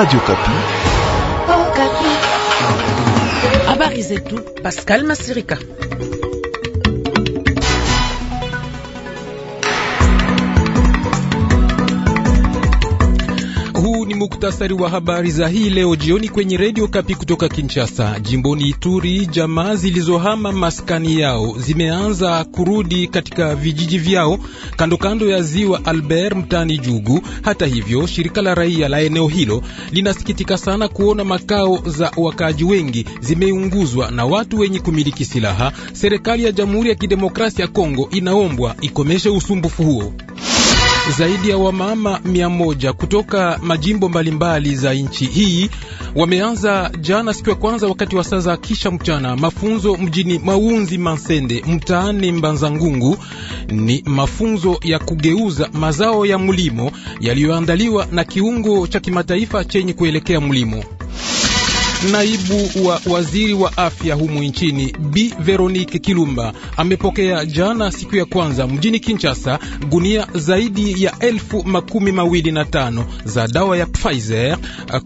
Radio Kapi. Oh, Kapi. Habari zetu Pascal Masirika. muktasari wa habari za hii leo jioni kwenye redio Kapi kutoka Kinshasa. Jimboni Ituri, jamaa zilizohama maskani yao zimeanza kurudi katika vijiji vyao kando kando ya ziwa Albert mtani Jugu. Hata hivyo, shirika la raia la eneo hilo linasikitika sana kuona makao za wakaaji wengi zimeunguzwa na watu wenye kumiliki silaha. Serikali ya Jamhuri ya Kidemokrasia ya Kongo inaombwa ikomeshe usumbufu huo. Zaidi ya wamama mia moja kutoka majimbo mbalimbali za nchi hii wameanza jana siku ya kwanza wakati wa saa za kisha mchana mafunzo mjini Maunzi Mansende mtaani mbanzangungu Ni mafunzo ya kugeuza mazao ya mlimo yaliyoandaliwa na kiungo cha kimataifa chenye kuelekea mlimo. Naibu wa waziri wa afya humu nchini b Veronique Kilumba amepokea jana siku ya kwanza mjini Kinshasa gunia zaidi ya elfu makumi mawili na tano za dawa ya Pfizer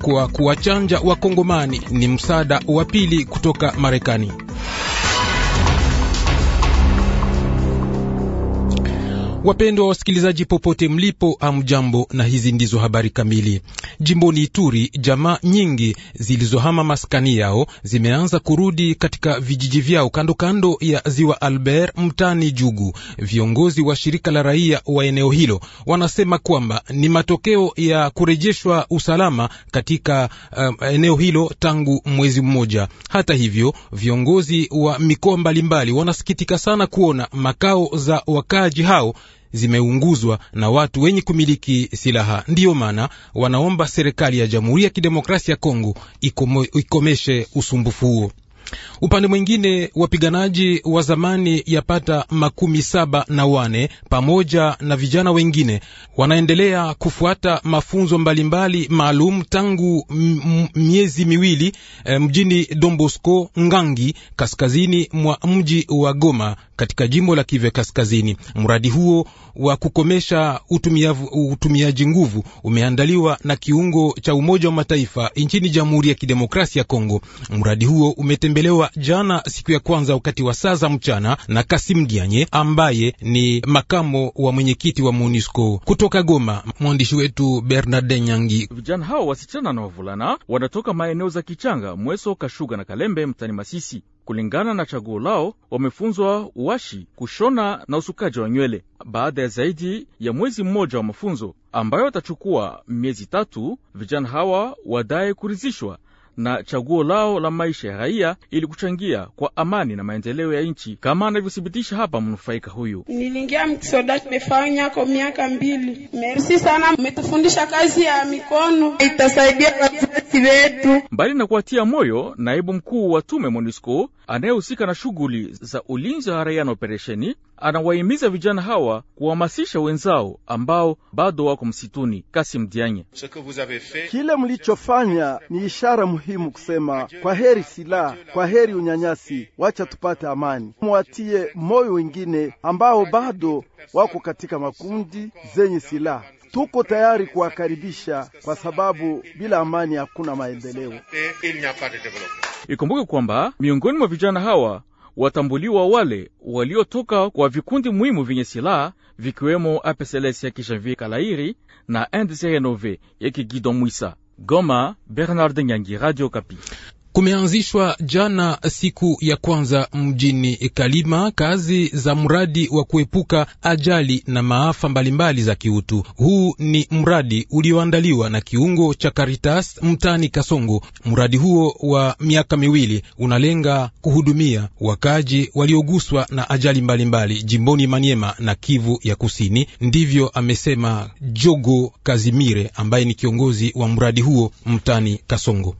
kwa kuwachanja Wakongomani. Ni msaada wa pili kutoka Marekani. Wapendwa wasikilizaji, popote mlipo, amjambo, na hizi ndizo habari kamili. Jimboni Ituri, jamaa nyingi zilizohama maskani yao zimeanza kurudi katika vijiji vyao kando kando ya ziwa Albert, mtani Jugu. Viongozi wa shirika la raia wa eneo hilo wanasema kwamba ni matokeo ya kurejeshwa usalama katika um, eneo hilo tangu mwezi mmoja. Hata hivyo, viongozi wa mikoa mbalimbali wanasikitika sana kuona makao za wakaaji hao zimeunguzwa na watu wenye kumiliki silaha. Ndiyo maana wanaomba serikali ya Jamhuri ya Kidemokrasia ya Kongo ikomeshe usumbufu huo. Upande mwingine wapiganaji wa zamani yapata makumi saba na wane pamoja na vijana wengine wanaendelea kufuata mafunzo mbalimbali maalum tangu miezi miwili e, mjini Dombosco Ngangi, kaskazini mwa mji wa Goma katika jimbo la Kivu Kaskazini. Mradi huo wa kukomesha utumiaji nguvu umeandaliwa na kiungo cha Umoja wa Mataifa nchini Jamhuri ya Kidemokrasia ya Kongo. Mradi huo ume alitembelewa jana siku ya kwanza wakati wa saa za mchana na Kasim Dianye ambaye ni makamo wa mwenyekiti wa MONUSCO kutoka Goma. Mwandishi wetu Bernard Nyangi. Vijana hao wasichana na wavulana wanatoka maeneo za Kichanga, Mweso, Kashuga na Kalembe mtani Masisi. Kulingana na chaguo lao, wamefunzwa washi kushona na usukaji wa nywele baada ya zaidi ya mwezi mmoja wa mafunzo ambayo watachukua miezi tatu. Vijana hawa wadaye kuridhishwa na chaguo lao la maisha ya raia ili kuchangia kwa amani na maendeleo ya nchi, kama anavyothibitisha hapa mnufaika huyu. Niliingia mkisoda, tumefanya kwa miaka mbili. Merci sana, umetufundisha kazi ya mikono itasaidia kazi viongozi wetu. Mbali na kuwatia moyo, naibu mkuu wa tume MONUSCO anayehusika na shughuli za ulinzi wa raia na operesheni anawahimiza vijana hawa kuhamasisha wenzao ambao bado wako msituni. Kasim Dianye: kile mlichofanya ni ishara muhimu kusema kwa heri silaha, kwa heri unyanyasi, wacha tupate amani. Mwatie moyo wengine ambao bado wako katika makundi zenye silaha tuko tayari kuwakaribisha kwa sababu bila amani hakuna maendeleo. Ikumbuke kwamba miongoni mwa vijana hawa watambuliwa wale waliotoka kwa vikundi muhimu vyenye silaha vikiwemo APCLS ya Kijanvier Kalairi na NDC Renove ya Kigido Mwisa. Goma, Bernard Nyangi, Radio Kapi. Kumeanzishwa jana siku ya kwanza mjini Kalima kazi za mradi wa kuepuka ajali na maafa mbalimbali za kiutu. Huu ni mradi ulioandaliwa na kiungo cha Caritas mtani Kasongo. Mradi huo wa miaka miwili unalenga kuhudumia wakaji walioguswa na ajali mbalimbali mbali, jimboni Maniema na Kivu ya Kusini. Ndivyo amesema Jogo Kazimire ambaye ni kiongozi wa mradi huo mtani Kasongo.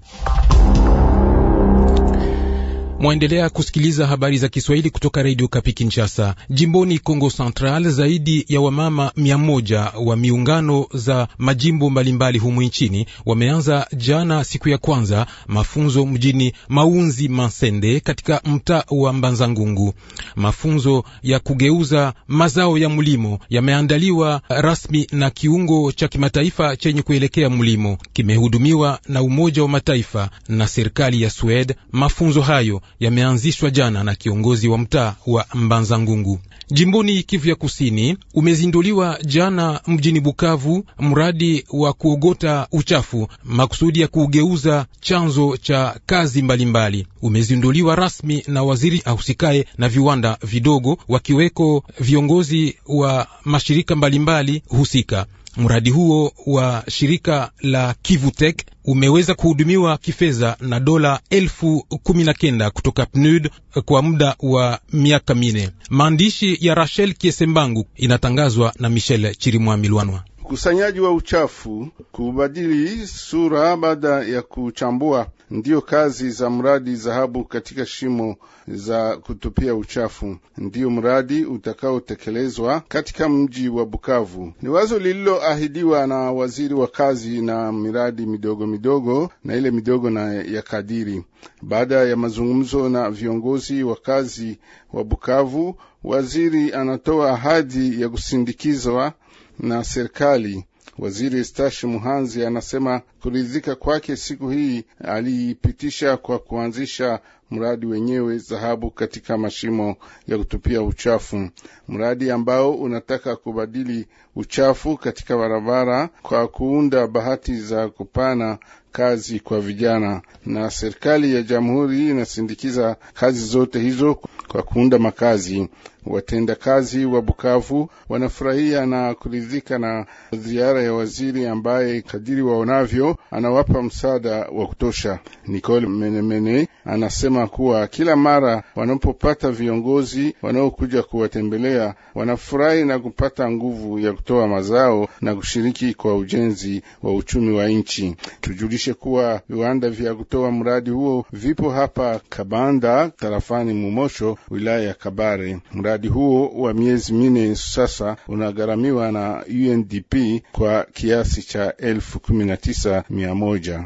Mwaendelea kusikiliza habari za Kiswahili kutoka redio Kapi Kinshasa. Jimboni Kongo Central, zaidi ya wamama mia moja wa miungano za majimbo mbalimbali humu nchini wameanza jana, siku ya kwanza, mafunzo mjini Maunzi Masende katika mtaa wa Mbanzangungu. Mafunzo ya kugeuza mazao ya mlimo yameandaliwa rasmi na kiungo cha kimataifa chenye kuelekea mlimo, kimehudumiwa na Umoja wa Mataifa na serikali ya Swed. Mafunzo hayo yameanzishwa jana na kiongozi wa mtaa wa Mbanza Ngungu jimboni Kivu ya Kusini. Umezinduliwa jana mjini Bukavu mradi wa kuogota uchafu makusudi ya kuugeuza chanzo cha kazi mbalimbali mbali. Umezinduliwa rasmi na waziri ahusikaye na viwanda vidogo, wakiweko viongozi wa mashirika mbalimbali mbali husika. Mradi huo wa shirika la Kivutek umeweza kuhudumiwa kifedha na dola elfu kumi na kenda kutoka PNUD kwa muda wa miaka mine. Maandishi ya Rachel Kiesembangu inatangazwa na Michel Chirimwa Milwanwa ukusanyaji wa uchafu, kubadili sura baada ya kuchambua, ndiyo kazi za mradi Dhahabu katika Shimo za Kutupia Uchafu, ndiyo mradi utakaotekelezwa katika mji wa Bukavu. Ni wazo lililoahidiwa na waziri wa kazi na miradi midogo midogo na ile midogo na ya kadiri. Baada ya mazungumzo na viongozi wa kazi wa Bukavu, waziri anatoa ahadi ya kusindikizwa na serikali. Waziri Stashi Muhanzi anasema kuridhika kwake siku hii aliipitisha kwa kuanzisha mradi wenyewe dhahabu katika mashimo ya kutupia uchafu, mradi ambao unataka kubadili uchafu katika barabara kwa kuunda bahati za kupana kazi kwa vijana. Na serikali ya jamhuri inasindikiza kazi zote hizo kwa kuunda makazi. Watendakazi wa Bukavu wanafurahia na kuridhika na ziara ya waziri ambaye kadiri waonavyo anawapa msaada wa kutosha. Nicole Menemene anasema kuwa kila mara wanapopata viongozi wanaokuja kuwatembelea wanafurahi na kupata nguvu ya kutoa mazao na kushiriki kwa ujenzi wa uchumi wa nchi. Tujulishe kuwa viwanda vya kutoa mradi huo vipo hapa Kabanda tarafani Mumosho wilaya ya Kabare mradi mradi huo wa miezi minne sasa unagharamiwa na UNDP kwa kiasi cha elfu kumi na tisa mia moja.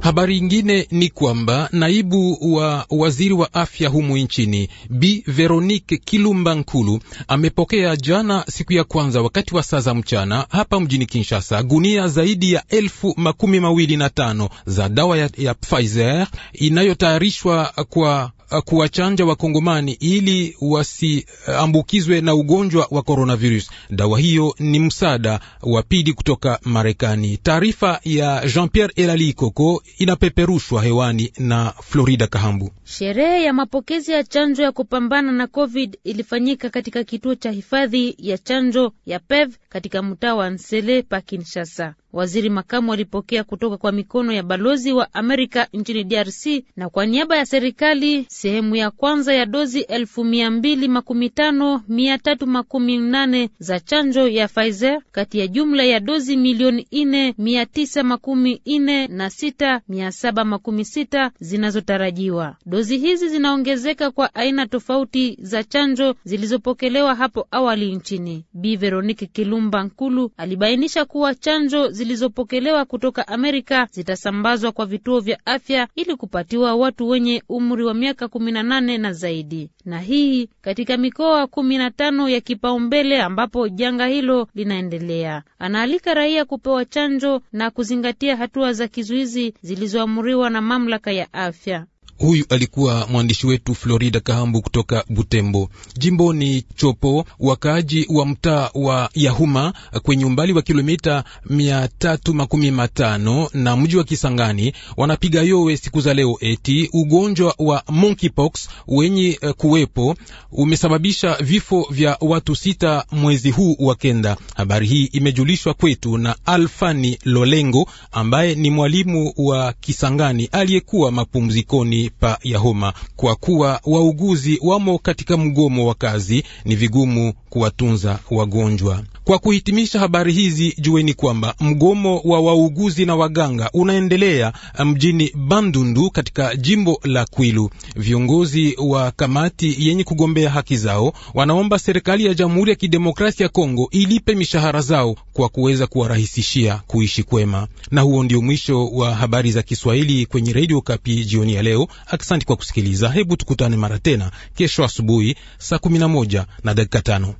Habari ingine ni kwamba naibu wa waziri wa afya humu nchini b Veronique Kilumba Nkulu amepokea jana, siku ya kwanza, wakati wa saa za mchana hapa mjini Kinshasa, gunia zaidi ya elfu makumi mawili na tano za dawa ya, ya Pfizer inayotayarishwa kwa Uh, kuwachanja wakongomani ili wasiambukizwe na ugonjwa wa coronavirus. Dawa hiyo ni msaada wa pili kutoka Marekani. Taarifa ya Jean Pierre Elali Koko inapeperushwa hewani na Florida Kahambu. Sherehe ya mapokezi ya chanjo ya kupambana na COVID ilifanyika katika kituo cha hifadhi ya chanjo ya PEV katika mtaa wa Nsele pa Kinshasa. Waziri makamu alipokea kutoka kwa mikono ya balozi wa Amerika nchini DRC na kwa niaba ya serikali sehemu ya kwanza ya dozi elfu mia mbili makumi tano mia tatu makumi nane za chanjo ya Pfizer kati ya jumla ya dozi milioni nne mia tisa makumi nne na sita mia saba makumi sita zinazotarajiwa. Dozi hizi zinaongezeka kwa aina tofauti za chanjo zilizopokelewa hapo awali nchini. Bi Veronique Kilumba Nkulu alibainisha kuwa chanjo zilizopokelewa kutoka Amerika zitasambazwa kwa vituo vya afya ili kupatiwa watu wenye umri wa miaka kumi na nane na zaidi, na hii katika mikoa kumi na tano ya kipaumbele ambapo janga hilo linaendelea. Anaalika raia kupewa chanjo na kuzingatia hatua za kizuizi zilizoamriwa na mamlaka ya afya. Huyu alikuwa mwandishi wetu Florida Kahambu kutoka Butembo, jimboni Chopo. Wakaaji wa mtaa wa Yahuma kwenye umbali wa kilomita mia na mji wa Kisangani wanapiga yowe siku za leo, eti ugonjwa wa monkeypox wenye eh, kuwepo umesababisha vifo vya watu sita mwezi huu wa kenda. Habari hii imejulishwa kwetu na Alfani Lolengo ambaye ni mwalimu wa Kisangani aliyekuwa mapumzikoni mapipa ya homa. Kwa kuwa wauguzi wamo katika mgomo wa kazi, ni vigumu kuwatunza wagonjwa. Kwa kuhitimisha habari hizi, jueni kwamba mgomo wa wauguzi na waganga unaendelea eh, mjini Bandundu katika jimbo la Kwilu. Viongozi wa kamati yenye kugombea haki zao wanaomba serikali ya Jamhuri ya Kidemokrasia ya Kongo ilipe mishahara zao kwa kuweza kuwarahisishia kuishi kwema. Na huo ndio mwisho wa habari za Kiswahili kwenye Redio Kapi jioni ya leo. Asante kwa kusikiliza. Hebu tukutane mara tena kesho asubuhi saa 11 na dakika tano.